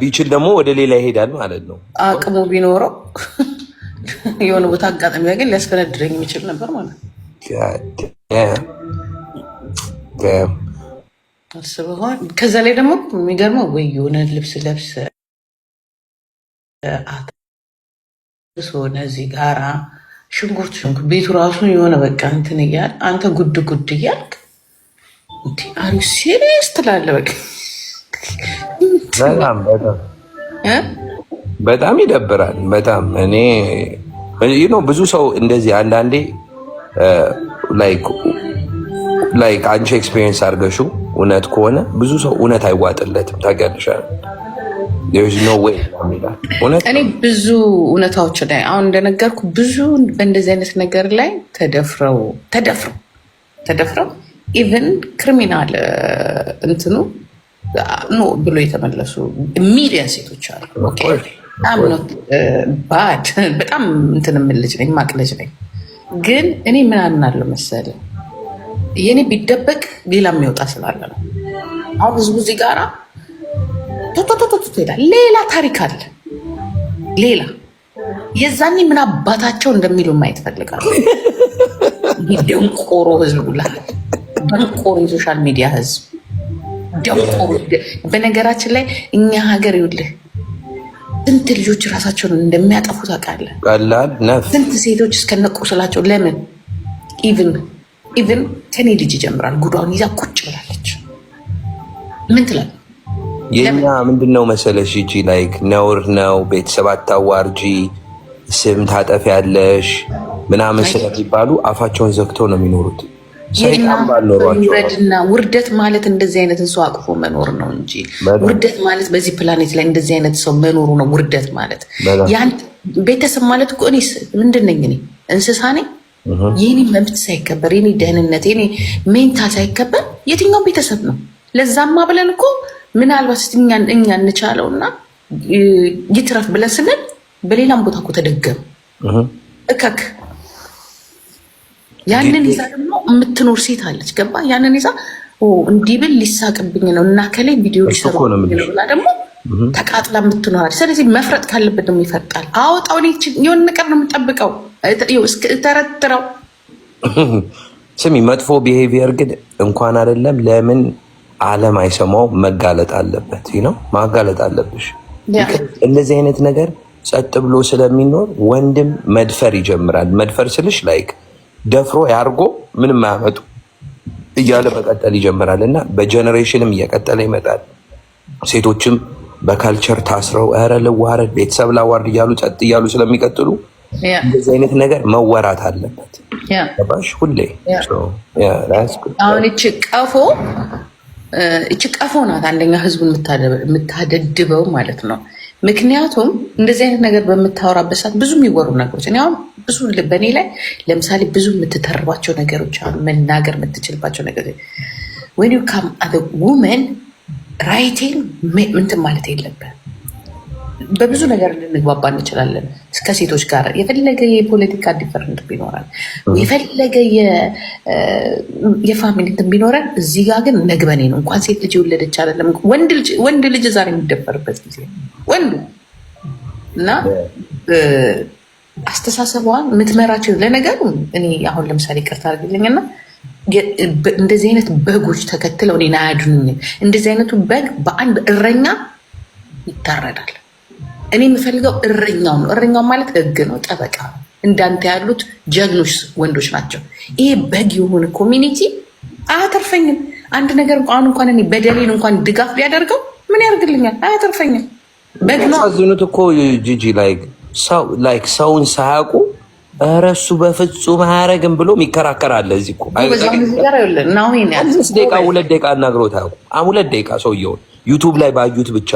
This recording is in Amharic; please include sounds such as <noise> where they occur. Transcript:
ቢችል ደግሞ ወደ ሌላ ይሄዳል ማለት ነው። አቅሙ ቢኖረው የሆነ ቦታ አጋጣሚ ያገኝ ሊያስፈነድረኝ የሚችል ነበር ማለት አስበዋል። ከዛ ላይ ደግሞ የሚገርመው ወይ የሆነ ልብስ ለብስ ሆነ እዚህ ጋራ ሽንኩርት ሽንኩርት ቤቱ ራሱ የሆነ በቃ እንትን እያል አንተ ጉድ ጉድ እያልክ ሴሪየስ ትላለህ በቃ በጣም በጣም በጣም ይደብራል። በጣም እኔ ነው ብዙ ሰው እንደዚህ አንዳንዴ ላይክ ላይክ አንቺ ኤክስፔሪየንስ አድርገሽው እውነት ከሆነ ብዙ ሰው እውነት አይዋጥለትም። ታውቂያለሽ እኔ ብዙ እውነታዎች ላይ አሁን እንደነገርኩ ብዙ በእንደዚህ አይነት ነገር ላይ ተደፍረው ተደፍረው ተደፍረው ኢቨን ክሪሚናል እንትኑ ኖ ብሎ የተመለሱ ሚሊዮን ሴቶች አሉ። ባድ <laughs> በጣም እንትን ልጅ ነኝ ማቅ ልጅ ነኝ። ግን እኔ ምን አምናለሁ መሰለኝ የእኔ ቢደበቅ ሌላ የሚወጣ ስላለ ነው። አሁን ህዝቡ እዚህ ጋራ ቶቶቶቶ ይላል። ሌላ ታሪክ አለ። ሌላ የዛኔ ምን አባታቸው እንደሚሉ ማየት ፈልጋል። ደንቆሮ ህዝብ ላ ደንቆሮ የሶሻል ሚዲያ ህዝብ ደቆ በነገራችን ላይ እኛ ሀገር ይውልህ ስንት ልጆች ራሳቸውን እንደሚያጠፉ ታውቃለህ? ስንት ሴቶች እስከነቁስላቸው ለምን ኢቭን ኢቭን ከኔ ልጅ ይጀምራል ጉዳውን ይዛ ቁጭ ብላለች። ምን ትላለህ? የኛ ምንድን ነው መሰለሽ እጂ ላይክ ነውር ነው ቤተሰብ አታዋርጂ ስም ታጠፊያለሽ ምናምን ስለሚባሉ አፋቸውን ዘግተው ነው የሚኖሩት። ረድና ውርደት ማለት እንደዚህ አይነትን ሰው አቅፎ መኖር ነው እንጂ ውርደት ማለት በዚህ ፕላኔት ላይ እንደዚህ አይነት ሰው መኖሩ ነው። ውርደት ማለት ቤተሰብ ማለት እኮ እኔ ምንድን ነኝ? እኔ እንስሳ ነኝ። የኔ መብት ሳይከበር፣ የኔ ደህንነት፣ የኔ ሜንታ ሳይከበር የትኛው ቤተሰብ ነው? ለዛማ ብለን እኮ ምናልባት እኛ እና ይትረፍ ብለን ስንል በሌላም ቦታ እኮ ተደገም እከክ ያንን ይዛ ደግሞ የምትኖር ሴት አለች። ገባ ያንን ይዛ እንዲህ ብል ሊሳቅብኝ ነው እና ከላይ ቪዲዮ ሊሰራብኝ ደግሞ ተቃጥላ የምትኖራል። ስለዚህ መፍረጥ ካለበት ደግሞ ይፈርጣል። አወጣው የሆነ ነገር ነው የምጠብቀው ተረትረው። ስሚ መጥፎ ቢሄቪየር ግን እንኳን አይደለም ለምን ዓለም አይሰማው መጋለጥ አለበት ነው ማጋለጥ አለብሽ። እንደዚህ አይነት ነገር ጸጥ ብሎ ስለሚኖር ወንድም መድፈር ይጀምራል። መድፈር ስልሽ ላይክ ደፍሮ ያርጎ ምንም አያመጡ እያለ መቀጠል ይጀምራል እና በጀኔሬሽንም እየቀጠለ ይመጣል። ሴቶችም በካልቸር ታስረው ረ ልዋረድ፣ ቤተሰብ ላዋርድ እያሉ ጸጥ እያሉ ስለሚቀጥሉ እንደዚህ አይነት ነገር መወራት አለበት። ባሽ ሁሌ አሁን እች ቀፎ እች ቀፎ ናት አንደኛ ህዝቡን የምታደድበው ማለት ነው። ምክንያቱም እንደዚህ አይነት ነገር በምታወራበት ሰዓት ብዙ የሚወሩ ነገሮች እኔ አሁን ብዙ በእኔ ላይ ለምሳሌ ብዙ የምትተርባቸው ነገሮች አሉ፣ መናገር የምትችልባቸው ነገሮች ወን ካም አዘ ውመን ራይቴን ምንትን ማለት የለብን። በብዙ ነገር ልንግባባ እንችላለን። ከሴቶች ጋር የፈለገ የፖለቲካ ዲፈረንት ቢኖረን የፈለገ የፋሚሊ እንትን ቢኖረን፣ እዚህ ጋር ግን ነግበኔ ነው። እንኳን ሴት ልጅ የወለደች አይደለም ወንድ ልጅ ዛሬ የሚደፈርበት ጊዜ ወንዱ እና አስተሳሰቧን የምትመራቸው ለነገሩ እኔ አሁን ለምሳሌ ቅርታ አድርግልኝና እንደዚህ አይነት በጎች ተከትለው እኔን አያድኑኝም። እንደዚህ አይነቱ በግ በአንድ እረኛ ይታረዳል። እኔ የምፈልገው እረኛው ነው። እረኛው ማለት ህግ ነው፣ ጠበቃ ነው። እንዳንተ ያሉት ጀግኖች ወንዶች ናቸው። ይሄ በግ የሆነ ኮሚኒቲ አያተርፈኝም። አንድ ነገር አሁን እንኳን እኔ በደሌን እንኳን ድጋፍ ቢያደርገው ምን ያደርግልኛል? አያተርፈኝም። በግ ነው። አዝኑት እኮ ጂጂ ላይ ላይክ ሰውን ሳያውቁ ኧረ እሱ በፍጹም አያረግም ብሎ ይከራከራል። እዚህ እኮ ሁለት ደቂቃ አናግረውት አያውቁም። ሁለት ደቂቃ ሰውየውን ዩቱብ ላይ ባዩት ብቻ